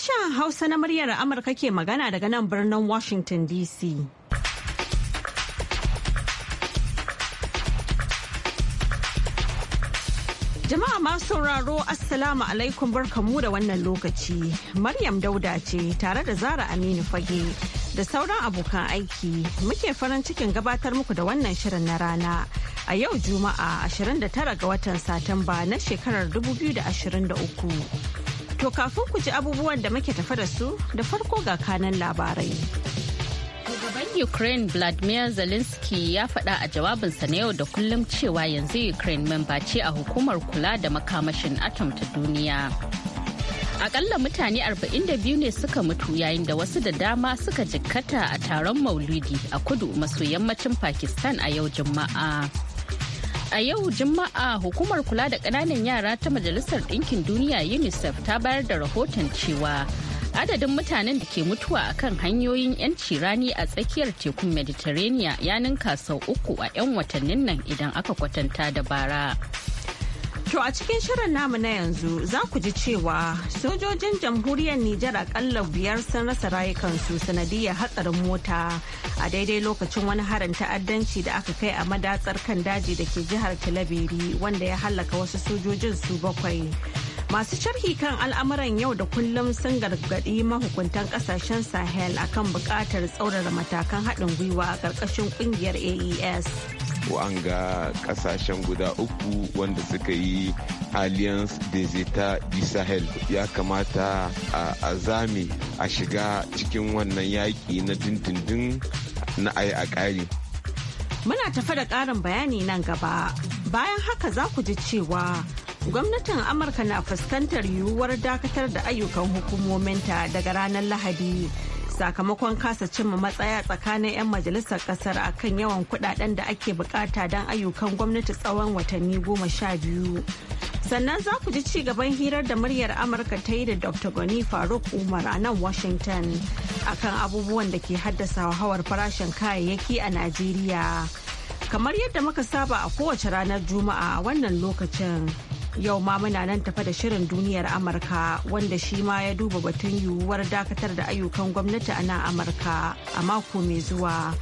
Sashen Hausa na muryar Amurka ke magana daga nan birnin Washington DC. Jama'a masu sauraro Assalamu alaikum barkamu da wannan lokaci. Maryam Dauda ce tare da Zara Aminu Fage da sauran abokan aiki muke farin cikin gabatar muku da wannan shirin na rana. A yau Juma'a 29 ga watan Satumba na shekarar 2023. To kafin ku ji abubuwan da muke tafa da su da farko ga kanan labarai. Shugaban Ukraine Vladimir Zelensky ya faɗa a jawabinsa na yau da kullum cewa yanzu Ukraine memba ce a hukumar kula da makamashin atom ta duniya. akalla mutane 42 ne suka mutu yayin da wasu da dama suka jikkata a taron maulidi a kudu maso yammacin pakistan a yau juma'a A yau Juma'a hukumar kula da ƙananan yara ta Majalisar Ɗinkin Duniya UNICEF ta bayar da rahoton cewa adadin mutanen da ke mutuwa a kan hanyoyin 'yanci rani a tsakiyar tekun Mediterranean ya ninka sau uku a 'yan watannin nan idan aka kwatanta da bara. To a cikin shirin namu na yanzu za ku ji cewa sojojin jamhuriyar Nijar akalla biyar sun rasa rayukansu sanadiyar hatsarin mota a daidai lokacin wani harin ta'addanci da aka kai a madatsar kan daji da ke jihar Talabiri wanda ya hallaka wasu sojojin su bakwai. Masu sharhi kan al'amuran yau da kullum sun gargaɗi mahukuntan kasashen Sahel akan buƙatar tsaurara matakan haɗin gwiwa a ƙarƙashin ƙungiyar AES. wa'anga kasashen guda uku wanda suka yi alliance des etats du sahel ya kamata a zame a shiga cikin wannan yaƙi na dindindin na ai a ƙari muna tafa da ƙarin bayani nan gaba bayan haka za ku ji cewa gwamnatin amurka na fuskantar yiwuwar dakatar da ayyukan hukumominta daga ranar lahadi sakamakon kasa cimma matsaya tsakanin 'yan majalisar kasar kan yawan kudaden da ake bukata don ayyukan gwamnati tsawon watanni goma sha biyu. Sannan za ku ji ci gaban hirar da muryar Amurka ta yi da Dr. Gani Faruk Umar a nan Washington akan abubuwan da ke haddasa hawar farashin kayayyaki a Najeriya. Kamar yadda muka saba a kowace ranar Juma'a a wannan lokacin. Yau ma muna nan tafa da shirin duniyar Amurka wanda shi ma ya duba batun yiwuwar dakatar da ayyukan gwamnati a nan Amurka a mako mai zuwa.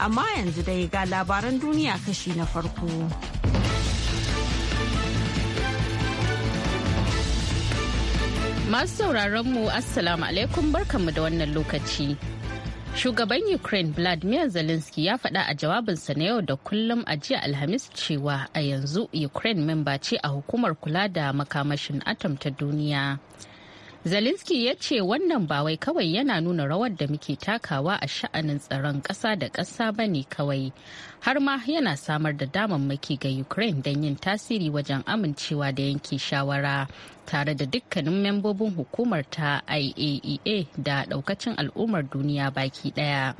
Amma yanzu dai ga labaran duniya kashi na farko. Masu sauraron mu Assalamu alaikum barkanmu da wannan lokaci. Shugaban Ukraine Vladimir Zelensky ya faɗa a jawabinsa na yau da kullum a jiya Alhamis cewa a yanzu Ukraine memba ce a hukumar kula da makamashin atom ta duniya. Zelensky ya ce wannan ba wai kawai yana nuna rawar da muke takawa a sha'anin tsaron ƙasa da ƙasa ba ne kawai, har ma yana samar da damammaki ga Ukraine don yin tasiri wajen amincewa da yanke shawara tare da dukkanin membobin hukumar ta IAEA e da ɗaukacin al'ummar duniya baki ɗaya.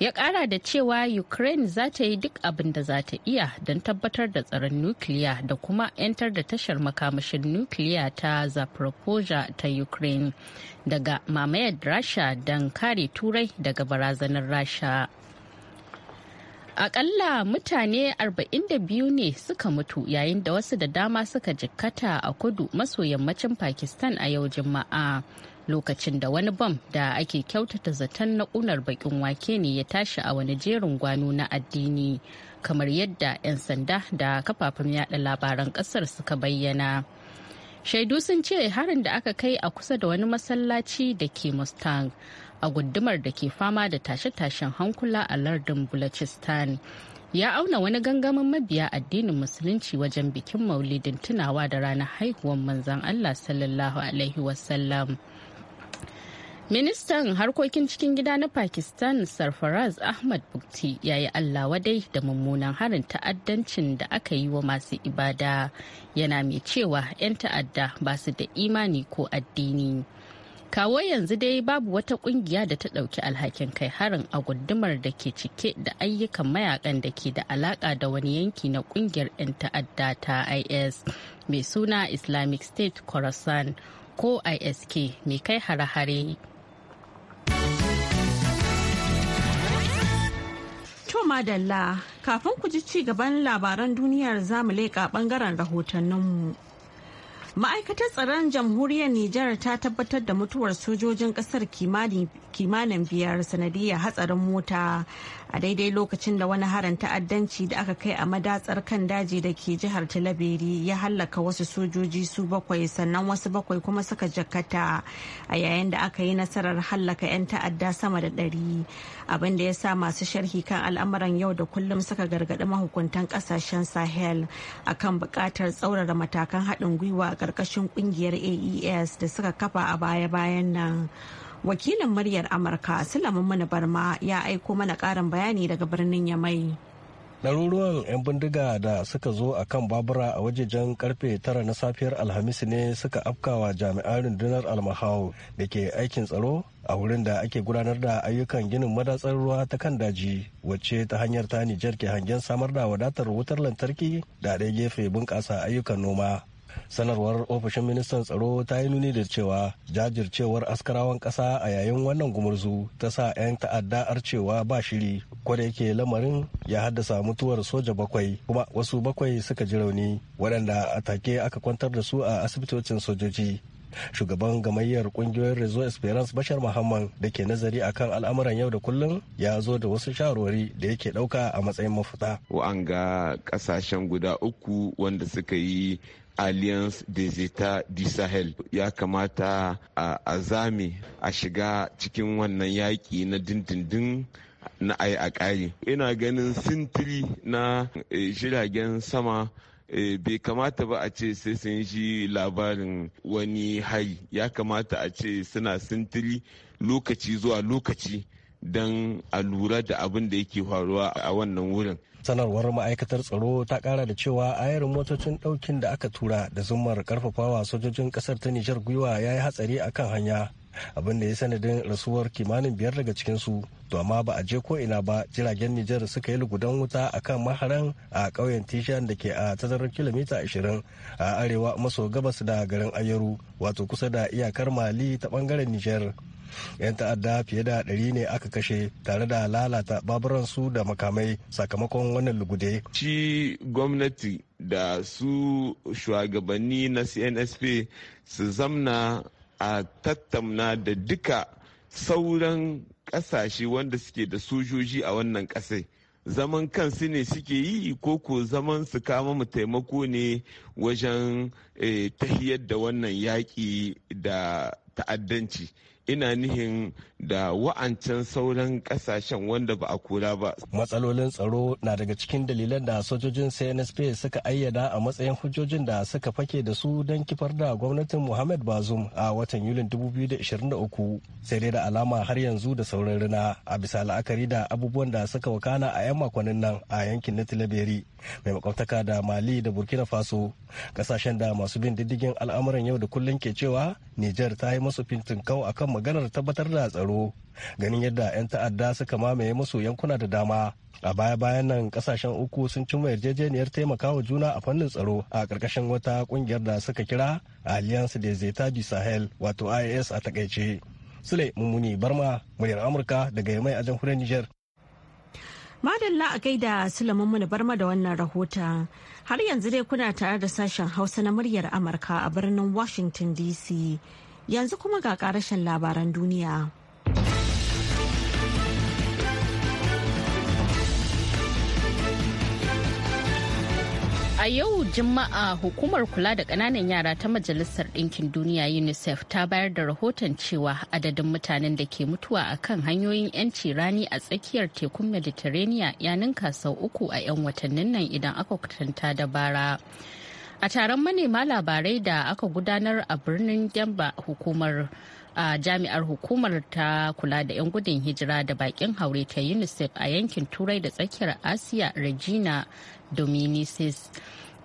ya kara da cewa ukraine za ta yi duk abin da za ta iya don tabbatar da tsaron nukiliya da kuma 'yantar da tashar makamashin nukiliya ta zaporozhia ta ukraine daga mamayar rasha don kare turai daga barazanar rasha Akalla mutane 42 ne suka mutu yayin da wasu da dama suka jikkata a kudu maso yammacin Pakistan a yau Juma'a. lokacin da wani bom da ake kyautata zaton na kunar bakin wake ne ya tashi a wani jerin gwano na addini kamar yadda 'yan sanda da kafafen yada labaran kasar suka bayyana shaidu sun ce harin da aka kai a kusa da wani masallaci da ke mustang a gundumar da ke fama da tashe-tashen hankula a lardin bulacistan ya auna wani gangamin mabiya addinin musulunci wajen bikin maulidin tunawa da ranar haihuwar manzan Allah sallallahu Alaihi wasallam Ministan harkokin cikin gida na Pakistan Sarfaraz Ahmad Bukti ya yi Allah wadai da mummunan harin ta'addancin da aka yi wa masu ibada yana mai cewa 'yan ta'adda ba su da imani ko addini. Kawo yanzu dai babu wata kungiya da ta ɗauki alhakin kai harin a gundumar da ke cike da ayyukan mayakan da ke da alaƙa da wani yanki na kungiyar 'yan ta'adda ta IS mai suna Islamic State Khorasan ko ISK mai kai hare-hare. madalla kafin ku ji ci gaban labaran duniyar zamu leƙa bangaren rahotanninmu. Ma'aikatar tsaron jamhuriyar Nijar ta tabbatar da mutuwar sojojin kasar kimanin biyar sanadiyar hatsarin mota a daidai lokacin da wani harin ta'addanci da aka kai a madatsar kan daji da ke jihar Talabiri ya hallaka wasu sojoji su bakwai sannan wasu bakwai kuma suka jakata a yayin da aka yi nasarar hallaka 'yan ta'adda sama da ɗari abin da ya sa masu sharhi kan al'amuran yau da kullum suka gargaɗi mahukuntan ƙasashen Sahel akan buƙatar tsaurara matakan haɗin gwiwa karkashin kungiyar aes da suka kafa a baya-bayan nan wakilin muryar amurka sulaiman mana barma ya aiko mana karin bayani daga birnin yamai ɗaruruwan 'yan bindiga da suka zo a kan babura a wajejen karfe tara na safiyar alhamis ne suka afkawa jami'an rundunar almahau da ke aikin tsaro a wurin da ake gudanar da ayyukan ginin madatsar ruwa ta kan daji wacce ta hanyar ta nijar ke hangen samar da wadatar wutar lantarki da ɗaya gefe bunƙasa ayyukan noma sanarwar ofishin ministan tsaro ta yi nuni da cewa jajircewar askarawan kasa a yayin wannan gumurzu ta sa 'yan ta'adda arcewa ba shiri kwada yake lamarin ya haddasa mutuwar soja bakwai kuma wasu bakwai suka ji rauni waɗanda a take aka kwantar da su a asibitocin sojoji shugaban gamayyar kungiyoyin rezo esperance bashar muhammad da ke nazari akan al'amuran yau da kullum ya zo da wasu shawarwari da yake dauka a matsayin mafita wa'anga kasashen guda uku wanda suka yi alliance des états du sahel ya kamata a zame a shiga cikin wannan yaƙi na dindindin na ai a ƙari ina ganin sintiri na e, jiragen sama e, bai kamata ba a ce sai sun ji labarin wani hari ya kamata a ce suna sintiri lokaci zuwa lokaci don a lura da abin da yake faruwa a wannan wurin sanarwar ma'aikatar tsaro ta kara da cewa ayarin motocin daukin da aka tura da zumar karfafawa sojojin kasar ta nijar gwiwa ya yi hatsari a kan hanya abin da ya sanadin rasuwar kimanin biyar daga cikinsu to amma ba a je ko ina ba jiragen nijar suka yi lugudan wuta akan maharan a ƙauyen tishan da ke a tazarar kilomita 20 a arewa maso gabas da garin ayaru wato kusa da iyakar mali ta bangaren nijar 'yan ta'adda fiye da ɗari ne aka kashe tare da lalata baburansu da makamai sakamakon wannan lugude shi gwamnati da su shugabanni na cnsp su zamna a tattamna da duka sauran ƙasashe wanda suke da sojoji a wannan ƙasai zaman kansu ne suke yi ko ko zaman su kama mu taimako ne wajen eh, tahiyar da wannan yaƙi da ta'addanci ina nihin da wa'ancan sauran kasashen wanda ba a kula ba. Matsalolin tsaro na daga cikin dalilan da sojojin CNSP suka ayyada a matsayin hujjojin da suka fake da su don kifar da gwamnatin Muhammad Bazum a watan Yulin 2023 sai dai da alama har yanzu da sauran rina a bisa la'akari da abubuwan da suka wakana a 'yan makonnin nan a yankin na Tilaberi mai makwabtaka da Mali da Burkina Faso kasashen da masu bin diddigin al'amuran yau da kullum ke cewa Nijar ta yi masu fintin kau akan maganar tabbatar da tsaro tsaro ganin yadda 'yan ta'adda suka mamaye masu yankuna da dama a baya-bayan nan kasashen uku sun cimma yarjejeniyar taimakawa juna a fannin tsaro a karkashin wata ƙungiyar da suka kira alliance de zeta du sahel wato ias a takaice sule mummuni barma muryar amurka daga yamai a jamhuriyar niger Madalla a gaida Sulaiman barma da wannan rahoton. Har yanzu dai kuna tare da sashen Hausa na muryar Amurka a birnin Washington DC. Yanzu kuma ga karashen labaran duniya. A yau Juma'a hukumar kula da ƙananan yara ta Majalisar Ɗinkin Duniya UNICEF ta bayar da rahoton cewa adadin mutanen da ke mutuwa a kan hanyoyin 'yanci rani a tsakiyar tekun Mediterranean ya ninka sau uku a 'yan watannin nan idan aka kwatanta da bara. a taron manema labarai da aka gudanar a birnin gyamba hukumar a jami'ar hukumar ta kula da 'yan gudun hijira da bakin haure ta unicef a yankin turai da tsakiyar asiya regina dominicis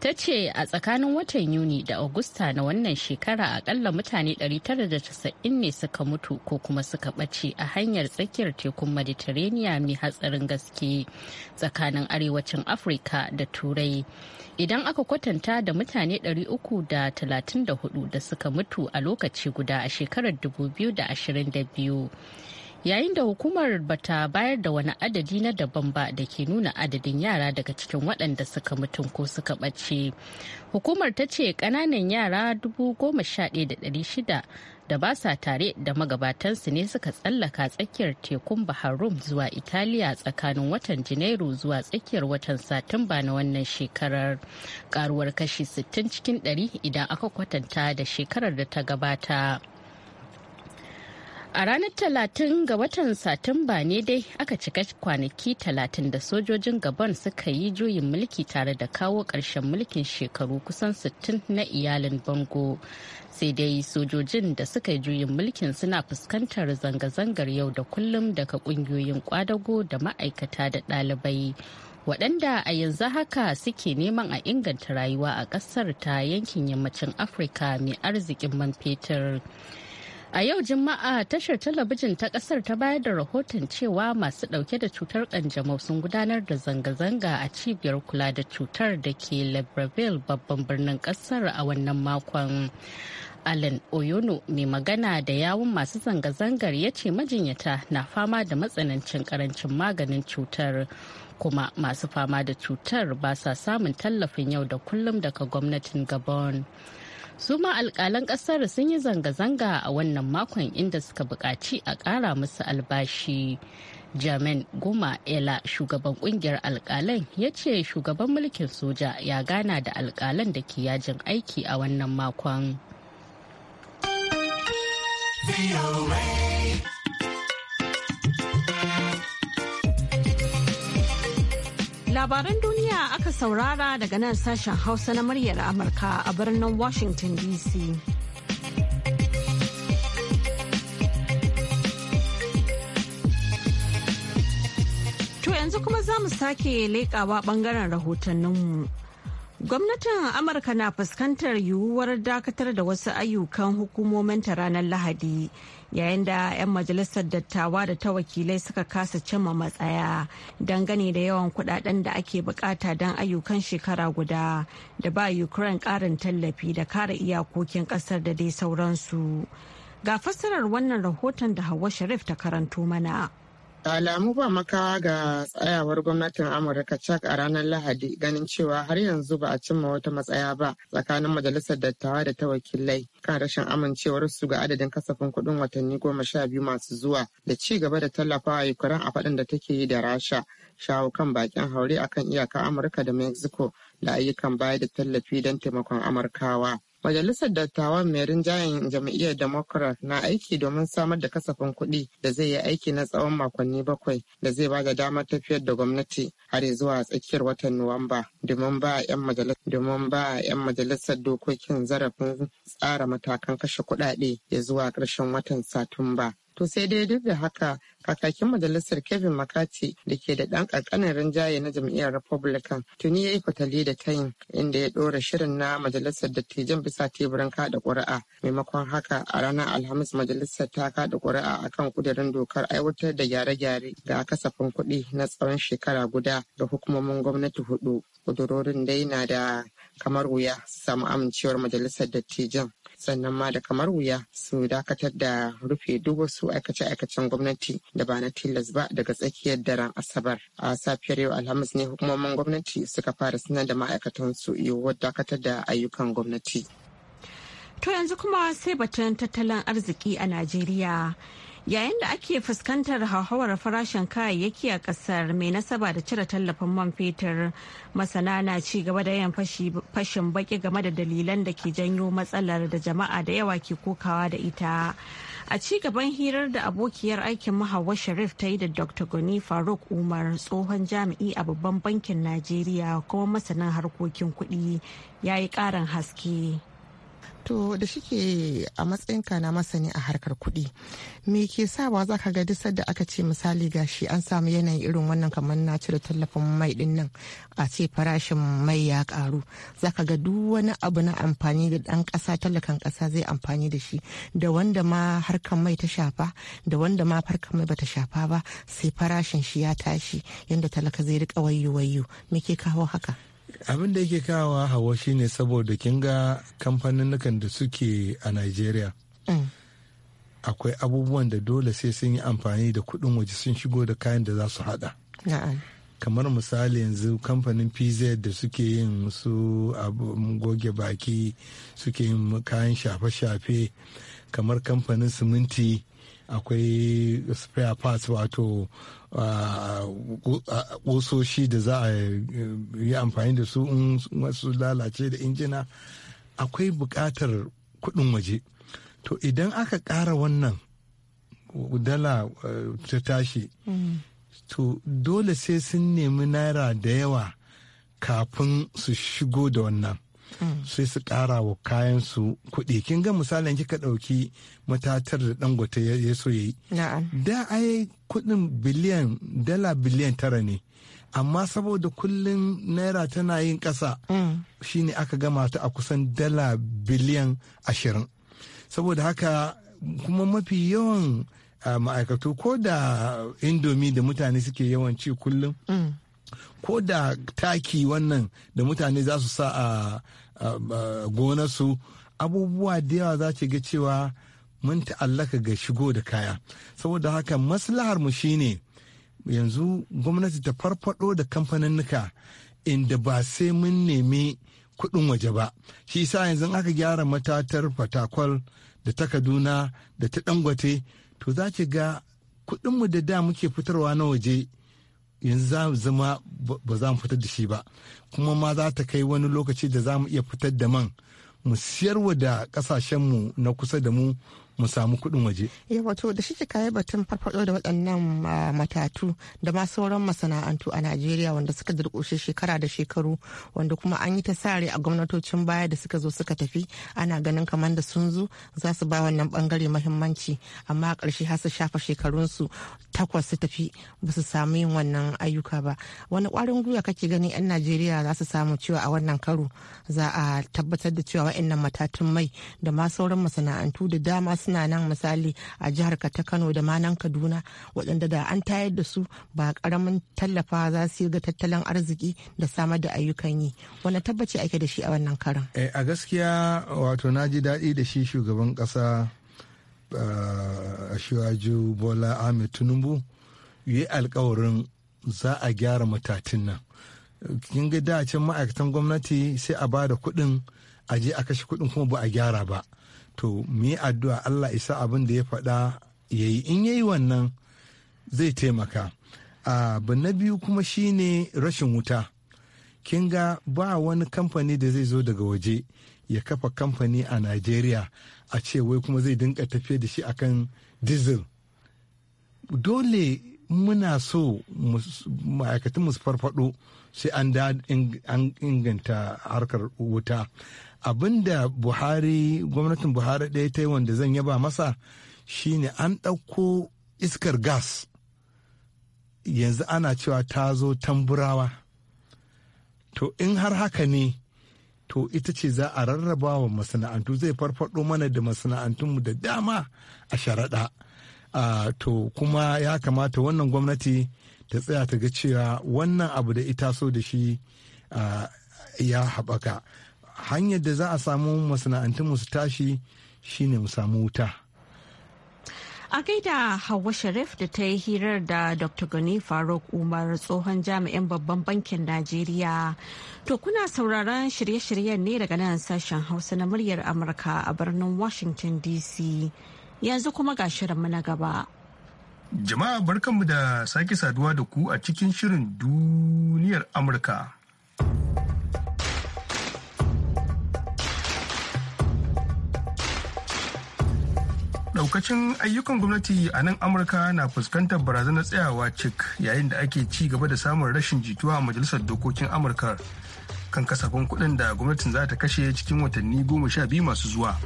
ta ce a tsakanin watan yuni da augusta na wannan shekara akalla mutane 990 ne suka mutu ko kuma suka bace a hanyar tsakiyar tekun mediterranean mai hatsarin gaske tsakanin arewacin afirka da turai idan aka kwatanta da mutane 334 da suka mutu a lokaci guda a shekarar 2022 yayin da hukumar bata bayar da wani adadi na daban ba da ke nuna adadin yara daga cikin waɗanda suka mutum ko suka ɓace hukumar ta ce ƙananan yara 11,600 da ba sa tare da magabatansu ne suka tsallaka tsakiyar tekun bahar rum zuwa italiya tsakanin watan janairu zuwa tsakiyar watan satumba na wannan shekarar karuwar kashi 60 cikin 100 idan aka kwatanta da shekarar da ta gabata A ranar talatin ga watan Satumba ne dai aka cika kwanaki talatin da sojojin Gabon suka yi juyin mulki tare da kawo ƙarshen mulkin shekaru kusan sittin na iyalin Bango. Sai dai sojojin da suka yi juyin mulkin suna fuskantar zanga-zangar yau da kullum daga ƙungiyoyin kwadago da ma'aikata da ɗalibai. waɗanda a yanzu haka suke neman a inganta rayuwa a ƙasar ta yankin yammacin afirka mai arzikin man fetur A yau Juma'a tashar talabijin ta kasar ta bayar da rahoton cewa masu dauke da cutar kanjamau sun gudanar da zanga-zanga a cibiyar kula da cutar da ke Libreville babban birnin kasar a wannan makon. Alan Oyono mai magana da yawun masu zanga-zangar ya ce majinyata na fama da matsanancin karancin maganin cutar. kuma masu fama da cutar ba sa samun tallafin yau da kullum daga gwamnatin gabon su ma alkalan kasar sun yi zanga-zanga a wannan makon inda suka buƙaci a ƙara musu albashi jamin goma ela shugaban kungiyar alkalan ya ce shugaban mulkin soja ya gana da alkalan da ke yajin aiki a wannan makon labaran duniya Ka saurara daga nan sashen Hausa na muryar Amurka a birnin Washington DC. To yanzu kuma za mu sake leƙawa ɓangaren rahotanninmu. Gwamnatin Amurka na fuskantar yiwuwar dakatar da wasu ayyukan hukumominta ranar Lahadi yayin da 'yan majalisar dattawa da ta wakilai suka kasa cimma matsaya dangane da yawan kudaden da ake bukata don ayyukan shekara guda da ba Ukraine karin tallafi da kare iyakokin kasar da dai sauransu. Ga fassarar wannan rahoton da Hauwa Sharif ta karanto mana. alamu ba makawa ga tsayawar gwamnatin amurka cak a ranar lahadi ganin cewa har yanzu ba a cimma wata matsaya ba tsakanin majalisar dattawa da ta wakilai kan rashin amincewar su ga adadin kasafin kuɗin watanni goma sha biyu masu zuwa da ci gaba da tallafawa yukurin a faɗin da take yi da rasha shawo kan bakin haure akan iyaka amurka da mexico da ayyukan baya da tallafi don taimakon amurkawa Majalisar Dattawan mai rinjayen jam'iyyar Democrat na aiki domin samar da kasafin kuɗi da zai yi aiki na tsawon makonni bakwai da zai ba da damar tafiyar da gwamnati har zuwa tsakiyar watan Nuwamba domin ba a 'yan majalisar dokokin zarafin tsara matakan kashe kuɗaɗe ya zuwa ƙarshen watan Satumba. To sai dai duk da haka kakakin majalisar kevin mccarthy da ke da ɗan kankanin rinjaye na jam'iyyar republican tuni ya yi fatali da tayin inda ya ɗora shirin na majalisar dattijan bisa teburin kada ƙuri'a maimakon haka a ranar alhamis majalisar ta kada ƙuri'a akan kudirin dokar aiwatar da gyare-gyare ga kasafin kuɗi na tsawon shekara guda ga hukumomin gwamnati hudu kudurorin dai na da kamar wuya su samu amincewar majalisar dattijan sannan ma da kamar wuya su dakatar da rufe duk wasu aikace-aikacen gwamnati da ba na tilas ba daga tsakiyar daren asabar a safiyar yau alhamis ne hukumomin gwamnati suka fara sanar da ma'aikatan su yiwuwar dakatar da ayyukan gwamnati To yanzu kuma sai batun tattalin arziki a Najeriya. Yayin da ake fuskantar hauhawar farashin kayayyaki a kasar mai nasaba da cire tallafin man fetur masana na ci gaba da yin fashin baki game da dalilan da ke janyo matsalar da jama'a da yawa ke kokawa da ita. A ci gaban hirar da abokiyar aikin Mahawa Sharif ta yi da Dr. Goni Faruk Umar tsohon jami'i a babban bankin Najeriya kuma masanin harkokin kuɗi ya yi ƙarin haske. To da shike a matsayinka na masani a harkar kuɗi, me ke sawa za ka ga disar da aka ce misali gashi an samu yanayin irin wannan kamar na cire tallafin mai din nan a ce farashin mai ya karu za ka ga duk wani abu na amfani da ɗan ƙasa talakan ƙasa zai amfani da shi da wanda ma harkar mai ta shafa da wanda ma farkar mai bata shafa ba sai farashin shi ya tashi yadda talaka zai riƙa wayo wayo me ke kawo haka. abin da yake kawo hawa shine saboda kin ga kamfanin da suke a nigeria mm. akwai abubuwan da dole sai sun yi amfani da kudin waje sun shigo da kayan da za su hada kamar misali yanzu kamfanin pz da suke yin su goge baki suke yin kayan shafe-shafe kamar kamfanin siminti akwai spare parts wato kusoshi uh, uh, da za a uh, yi amfani da su in masu lalace da injina akwai buƙatar kuɗin waje to idan aka ƙara wannan dala ta tashi mm-hmm. to dole sai sun nemi naira da yawa kafin su shigo da wannan sai su kara wa kayansu kuɗi kin ga misalin kika ɗauki matatar da dangote ya so yayi da ai kuɗin biliyan dala biliyan tara ne amma saboda kullum naira tana yin ƙasa mm. shine aka gama ta a kusan dala biliyan ashirin saboda haka kuma mafi yawan ah, ma'aikatu ko da indomi da mutane suke yawanci ci kullum mm. ko da taki wannan da mutane za su sa a gonarsu abubuwa da yawa za ga cewa mun ta'allaka ga shigo da kaya saboda haka maslahar mu shine yanzu gwamnati ta farfado da kamfanin kamfaninnika inda ba sai mun nemi kuɗin waje ba shi sa yanzu aka gyara matatar fatakwal da ta kaduna da ta dangote to za ga kuɗinmu da da muke fitarwa na waje yanzu za mu zama ba za mu fitar da shi ba kuma ma za ta kai wani lokaci da za mu iya fitar da man mu siyarwa da kasashenmu na kusa da mu mu samu kuɗin waje. Ya wato da shike kayi batun farfaɗo da waɗannan matatu da ma sauran masana'antu a Najeriya wanda suka durƙushe shekara da shekaru wanda kuma an yi ta sare a gwamnatocin baya da suka zo suka tafi ana ganin kamar da sun zo za su ba wannan bangare muhimmanci amma a ƙarshe har su shafa shekarunsu takwas su tafi ba su samu yin wannan ayyuka ba wani kwarin gwiwa kake gani 'yan najeriya za su samu cewa a wannan karo za a tabbatar da cewa wa'annan matatun mai da ma sauran masana'antu da dama suna nan misali a jihar ta kano da ma nan kaduna waɗanda da an tayar da su ba karamin tallafa za su yi ga tattalin arziki da samar da ayyukan yi wani tabbaci ake da shi a wannan karan eh, a gaskiya wato na ji daɗi da shi shugaban ƙasa Ashiwaju Bola Ahmed Tinubu yi alkawarin za a gyara matatin nan. Kin ga da can ma'aikatan gwamnati sai a bada kuɗin a je a kashe kuɗin kuma ba a gyara ba. To mu yi addu'a Allah isa abin da ya faɗa ya yi in yayi wannan zai taimaka. Ah, abu na biyu kuma shine rashin wuta. kin ga ba wani kamfani da zai zo daga waje ya kafa kamfani a najeriya a ce wai kuma zai dinka tafiye da shi akan diesel dole muna so ma'aikatan musu farfado sai an inganta harkar wuta abinda buhari gwamnatin buhari ɗaya ta yi wanda zan yaba masa shine an ɗauko iskar gas yanzu ana cewa ta zo tamburawa to in har haka ne to ita ce za a rarraba wa masana'antu zai farfado mana da masana'antunmu da dama a sharaɗa to kuma ya kamata wannan gwamnati ta tsaya ta ga cewa wannan abu da ita so da shi ya haɓaka hanyar da za a samu masana'antunmu su tashi shine mu samu wuta A gaida Hauwa Sharif da ta yi hirar da Dr. Gani Faruk Umar tsohon jami'in babban bankin Najeriya. To kuna sauraron shirye-shiryen ne daga nan sashen Hausa na muryar Amurka a birnin Washington DC. Yanzu kuma ga shirinmu na gaba. Jama'a barkanmu da sake saduwa da ku a cikin shirin duniyar Amurka. daukacin ayyukan gwamnati a nan amurka na fuskantar barazanar tsayawa cik yayin da ake ci gaba da samun rashin jituwa a majalisar dokokin amurka kan kasafin kuɗin da gwamnatin za ta kashe cikin watanni goma sha biyu masu zuwa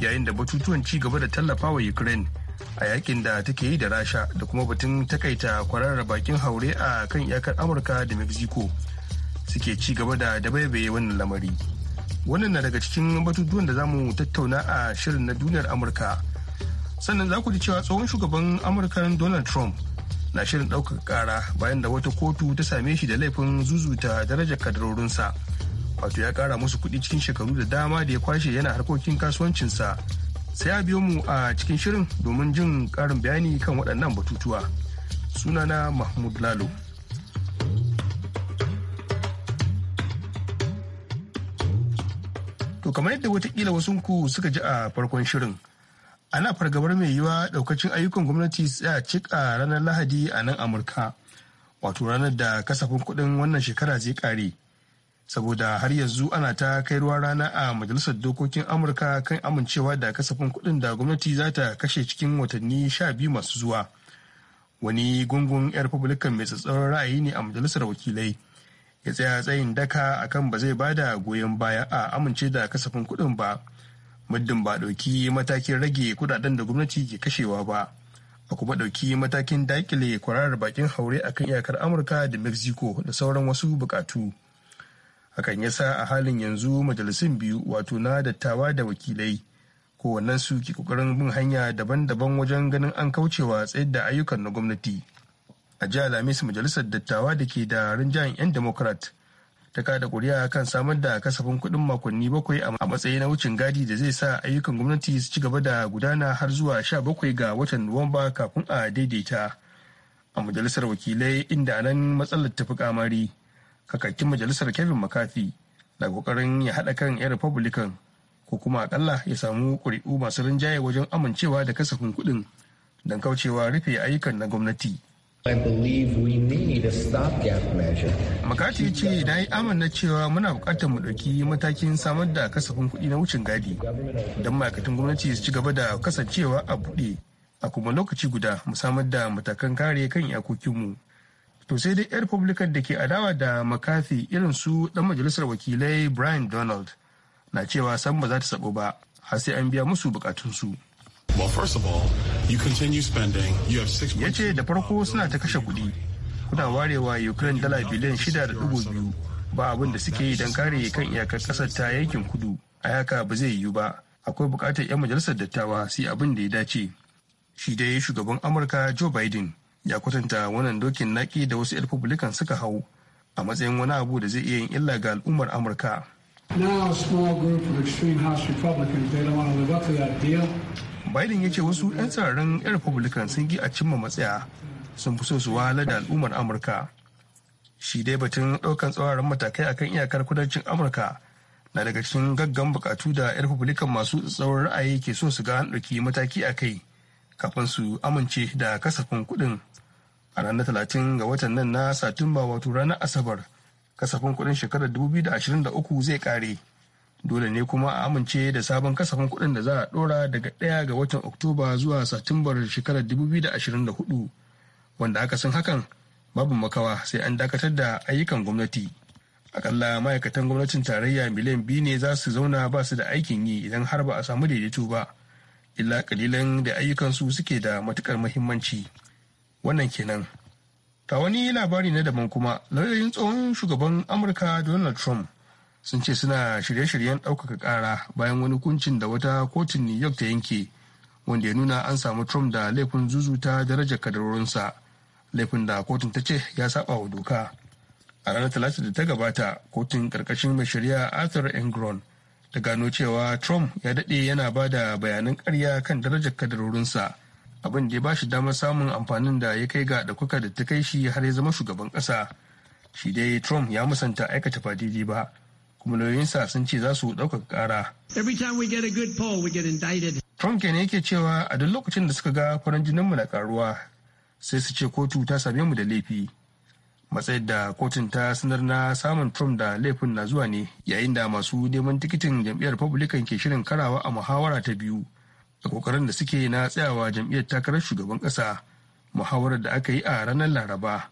yayin da batutuwan ci gaba da tallafa wa ukraine a yakin da take yi da rasha da kuma batun takaita kwararar bakin haure a kan iyakar amurka da mexico suke ci gaba da dabaibaye wannan lamari wannan na daga cikin batutuwan da za mu tattauna a shirin na duniyar amurka sannan za ku ji cewa tsohon shugaban amurkan donald trump na shirin ɗaukaka ƙara bayan da wata kotu ta same shi da laifin zuzuta darajar kadarorinsa wato ya ƙara musu kuɗi cikin shekaru da dama da ya kwashe yana harkokin kasuwancinsa sai ya biyo mu a cikin shirin domin jin ƙarin bayani kan waɗannan batutuwa sunana mahmud lalo to kamar yadda watakila wasunku suka ji a farkon shirin ana fargabar mai yiwa daukacin ayyukan gwamnati a cika ranar lahadi a nan amurka wato ranar da kasafin kuɗin wannan shekara zai kare saboda har yanzu ana ta kai ruwa rana a majalisar dokokin amurka kan amincewa da kasafin kuɗin da gwamnati za ta kashe cikin watanni sha biyu masu zuwa wani gungun 'yan republican mai tsatsauran ra'ayi ne a majalisar wakilai ya tsaya tsayin daka akan ba zai bada goyon baya a amince da kasafin kuɗin ba muddin ba ɗauki matakin rage kudaden da gwamnati ke kashewa ba a kuma ɗauki matakin dakile kwararar bakin haure akan iyakar amurka da mexico da sauran wasu bukatu hakan yasa a halin yanzu majalisun biyu wato na dattawa da wakilai su ke kokarin bin hanya daban-daban wajen ganin an kaucewa tsayar da ayyukan na gwamnati a jihar lamis majalisar dattawa da ke da rinjayen 'yan democrat ta kada kuri'a kan samar da kasafin kuɗin makonni bakwai a matsayi na wucin gadi da zai sa ayyukan gwamnati su ci gaba da gudana har zuwa sha bakwai ga watan nuwamba kafin a daidaita a majalisar wakilai inda a nan matsalar fi kamari kakakin majalisar kevin mccarthy na kokarin ya haɗa kan 'yan republican ko kuma akalla ya samu kuri'u masu rinjaye wajen amincewa da kasafin kuɗin don kaucewa rufe ayyukan na gwamnati Makati ce na yi amana cewa muna bukatar mu ɗauki matakin samar da kasafin kuɗi na wucin gadi don ma'aikatan gwamnati su ci gaba da kasancewa a buɗe a kuma lokaci guda mu samar da matakan kare kan iyakokinmu. To sai dai 'yar Republican da ke adawa da makafi irin su ɗan majalisar wakilai Brian Donald na cewa san ba za ta sabo ba har sai an biya musu bukatunsu. Ya ce da farko suna ta kashe kudi Kuna warewa Ukraine dala biliyan shida da biyu ba abin da suke yi don kare kan iyakar ƙasar ta yankin kudu a yaka ba zai yiwu ba akwai bukatar 'yan majalisar dattawa sai abin da ya dace. Shi dai shugaban Amurka Joe Biden ya kwatanta wannan dokin naki da wasu 'yan Republican suka hau a matsayin wani abu da zai iya yin illa ga al'ummar Amurka. Now a small group of extreme House Republicans, they don't want to live up to biden ya ce wasu 'yan tsararren 'yan republican sun gi a cimma matsaya sun fi so su wahala da al'ummar amurka shi dai batun ɗaukan tsawaran matakai akan iyakar kudancin amurka na daga cikin gaggan bukatu da 'yan republican masu tsawon ra'ayi ke so su ga an ɗauki mataki a kai kafin su amince da kasafin kuɗin a ranar talatin ga watan nan na satumba wato ranar asabar kasafin kuɗin shekarar 2023 zai ƙare dole ne kuma a amince da sabon kasafin kuɗin da za a ɗora daga ɗaya ga watan oktoba zuwa satumbar shekarar 2024 wanda aka san hakan babu makawa sai an dakatar da ayyukan gwamnati akalla ma'aikatan gwamnatin tarayya miliyan biyu ne za su zauna ba su da aikin yi idan har ba a samu daidaito ba illa kalilan da ayyukansu suke da matukar muhimmanci wannan kenan ta wani labari na daban kuma lauyoyin tsohon shugaban amurka donald trump sun ce suna shirye-shiryen ɗaukaka ƙara bayan wani kuncin da wata kotun new york ta yanke wanda ya nuna an samu trump da laifin zuzuta darajar kadarorinsa laifin da kotun ta ce ya saba wa doka a ranar talata da ta gabata kotun karkashin mai shari'a arthur engron ta gano cewa trump ya daɗe yana ba da bayanan karya kan darajar kadarorinsa abin da ya ba shi damar samun amfanin da ya kai ga ɗaukaka da ta kai shi har ya zama shugaban ƙasa shi dai trump ya musanta aikata fadidi ba Miliyoyinsa sun ce za su ɗaukaka ƙara. Trump ne yake cewa a duk lokacin da suka ga farin jininmu na karuwa sai su ce kotu ta same mu da laifi. Matsayin da kotun ta sanar na samun Trump da laifin na zuwa ne yayin da masu neman tikitin jam'iyyar Republican ke shirin karawa a muhawara ta biyu a kokarin da suke na tsayawa jam'iyyar takarar shugaban ƙasa muhawarar da aka yi a ranar Laraba.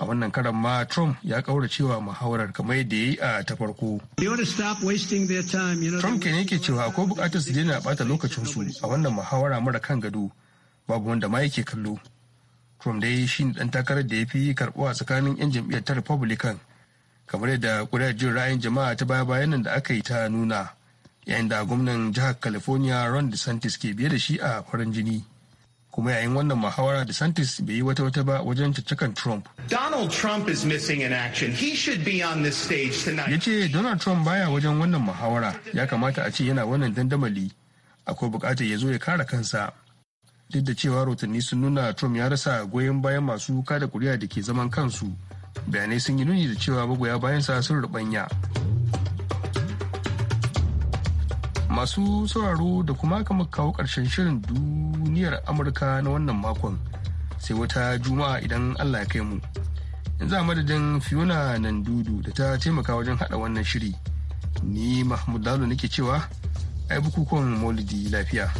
a wannan karan ma Trump ya kaura cewa muhawarar kamar yadda ya yi a ta farko. Trump ke ne ke cewa akwai bukatar su daina bata lokacinsu a wannan muhawara mara kan gado babu wanda ma yake kallo. Trump dai shi ne dan takarar da ya fi a tsakanin 'yan jam'iyyar ta Republican kamar yadda kuri'ar jin ra'ayin jama'a ta baya bayan nan da aka yi ta nuna yayin da gwamnan jihar California Ron DeSantis ke biye da shi a farin jini. kuma yayin wannan muhawara da santis bai yi wata wata ba wajen caccakan trump donald trump is missing action he should be on this stage tonight ce donald trump baya wajen wannan muhawara ya kamata a ce yana wannan dandamali akwai bukatar ya zo ya kara kansa duk da cewa rotanni sun nuna trump ya rasa goyon bayan masu kada kuri'a da ke zaman kansu bayanai sun yi nuni da cewa magoya bayansa sun rubanya masu sauraro da kuma ka kawo ƙarshen shirin duniyar amurka na wannan makon sai wata juma'a idan allah ya kai mu yanzu a madadin fiona nan dudu da ta taimaka wajen hada wannan shiri ni mahmud dalo nake cewa ai bukukuwan maulidi lafiya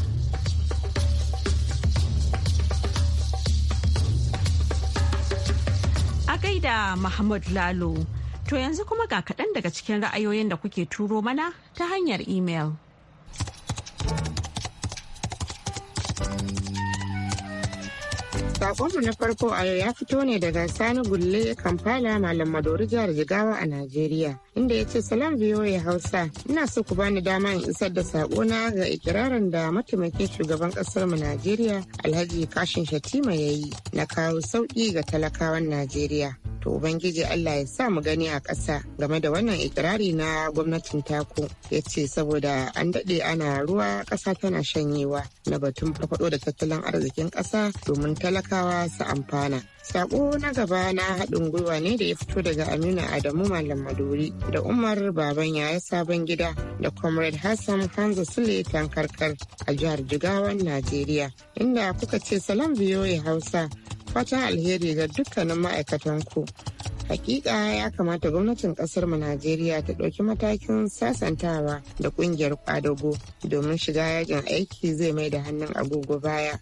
a gaida mahmud lalo to yanzu kuma ga kaɗan daga cikin ra'ayoyin da kuke turo mana ta hanyar imel. Sakonmu na farko a yau ya fito ne daga Sani Gulle Kampala Malam Madori jihar Jigawa a Najeriya inda ya ce salam ya Hausa ina so ku bani dama in isar da sakona ga ikirarin da mataimakin shugaban kasar mu Najeriya Alhaji Kashin Shatima ya yi na kawo sauki ga talakawan Najeriya. to ubangiji allah ya sa mu gani a ƙasa game da wannan ikirari na gwamnatin taku ya ce saboda an daɗe ana ruwa ƙasa tana shanyewa na batun farfaɗo da tattalin arzikin ƙasa domin talakawa su amfana Sako na gaba na haɗin gwiwa ne da ya fito daga Aminu Adamu Malam Maduri da Umar Baban Yaya Sabon Gida da Comrade Hassan Kanza Sule Tankarkar a jihar Jigawan Najeriya. Inda kuka ce salam biyoyi Hausa fatan alheri ga dukkanin ma'aikatan ku. Hakika ya kamata gwamnatin kasar mu Najeriya ta ɗauki matakin sasantawa da kungiyar kwadago domin shiga yajin aiki zai mai da hannun agogo baya.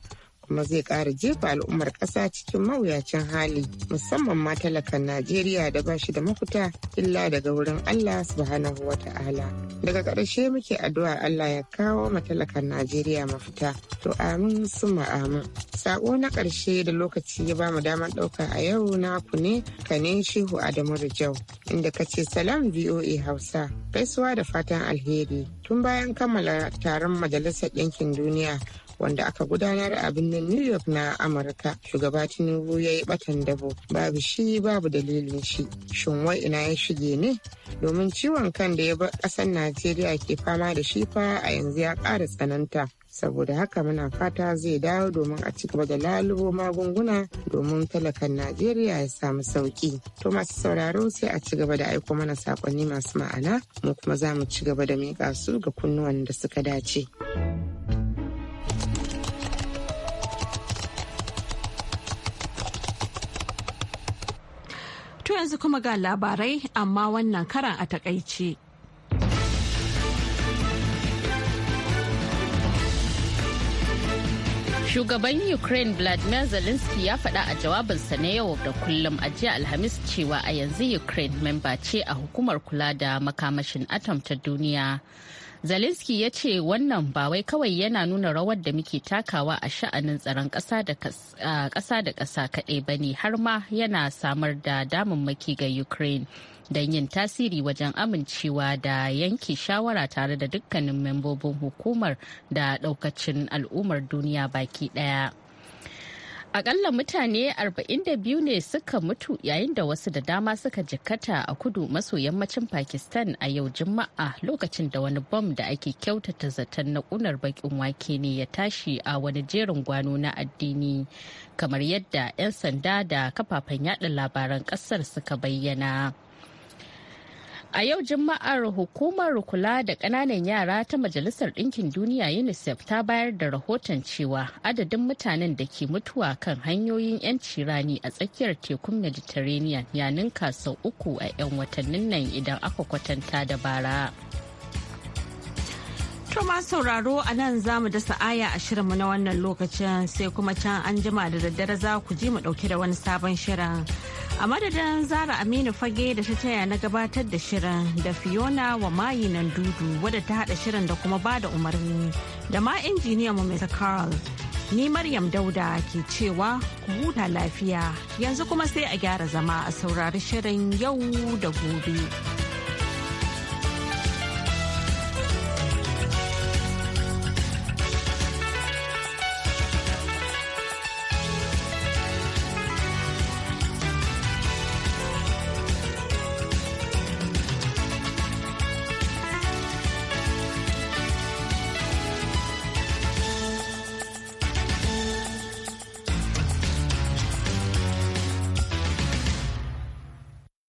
kuma zai ƙara jefa al'ummar ƙasa cikin mawuyacin hali musamman ma talakan najeriya da ba shi da mafita illa daga wurin allah subhanahu wa ta'ala daga ƙarshe muke addu'a allah ya kawo matalakan najeriya mafita to amin suma amin sako na ƙarshe da lokaci ya bamu damar ɗauka a yau na ku ne kane shehu adamu rijau inda ka ce salam voa hausa gaisuwa da fatan alheri tun bayan kammala taron majalisar ɗinkin duniya wanda aka gudanar a birnin new york na amurka shugaba tinubu ya yi batan dabo babu shi babu dalilin shi shin wai ina ya shige ne domin ciwon kan da ya bar kasar najeriya ke fama da shi fa a yanzu ya ƙara tsananta saboda haka muna fata zai dawo domin a cigaba da lalubo magunguna domin talakan najeriya ya samu sauki to masu sauraro sai a cigaba da aiko mana sakonni masu ma'ana mu kuma za mu cigaba gaba da miƙa su ga kunnuwan da suka dace. To yanzu kuma ga labarai amma wannan karan a takaice. Shugaban Ukraine Vladimir Zelensky ya faɗa a jawabinsa na yau da kullum a jiya Alhamis cewa a yanzu Ukraine memba ce a hukumar kula da makamashin atom ta duniya. Zelensky ya ce wannan ba wai kawai yana nuna rawar da muke takawa a sha'anin tsaron ƙasa da ƙasa kaɗai ba ne har ma yana samar da damammaki ga Ukraine don yin tasiri wajen amincewa da yanke shawara tare da dukkanin membobin hukumar da ɗaukacin al'ummar duniya baki ɗaya. Akalla mutane 42 ne suka mutu yayin da wasu da dama suka jikkata a kudu maso yammacin Pakistan a yau Juma'a lokacin da wani bom da ake kyautata zaton na kunar bakin wake ne ya tashi a wani jerin gwano na addini kamar yadda 'yan sanda da kafafen yada labaran kasar suka bayyana. A yau Juma'ar hukumar kula da ƙananan yara ta Majalisar Ɗinkin Duniya UNICEF ta bayar da rahoton cewa adadin mutanen da ke mutuwa kan hanyoyin 'yanci rani a tsakiyar tekun Mediterranean ya ninka sau uku a 'yan watannin nan idan aka kwatanta da bara. toma sauraro a nan za mu dasa aya a shirinmu na wannan lokacin sai kuma can an jima da daddare za ku ji mu ɗauke da wani sabon shirin. a madadin zara aminu fage da ta taya na gabatar da shirin da fiona wa mayi nan dudu wadda ta hada shirin da kuma ba da umarni da ma injiniya mu mr carl ni maryam dauda ke cewa ku huta lafiya yanzu kuma sai a gyara zama a saurari shirin yau da gobe.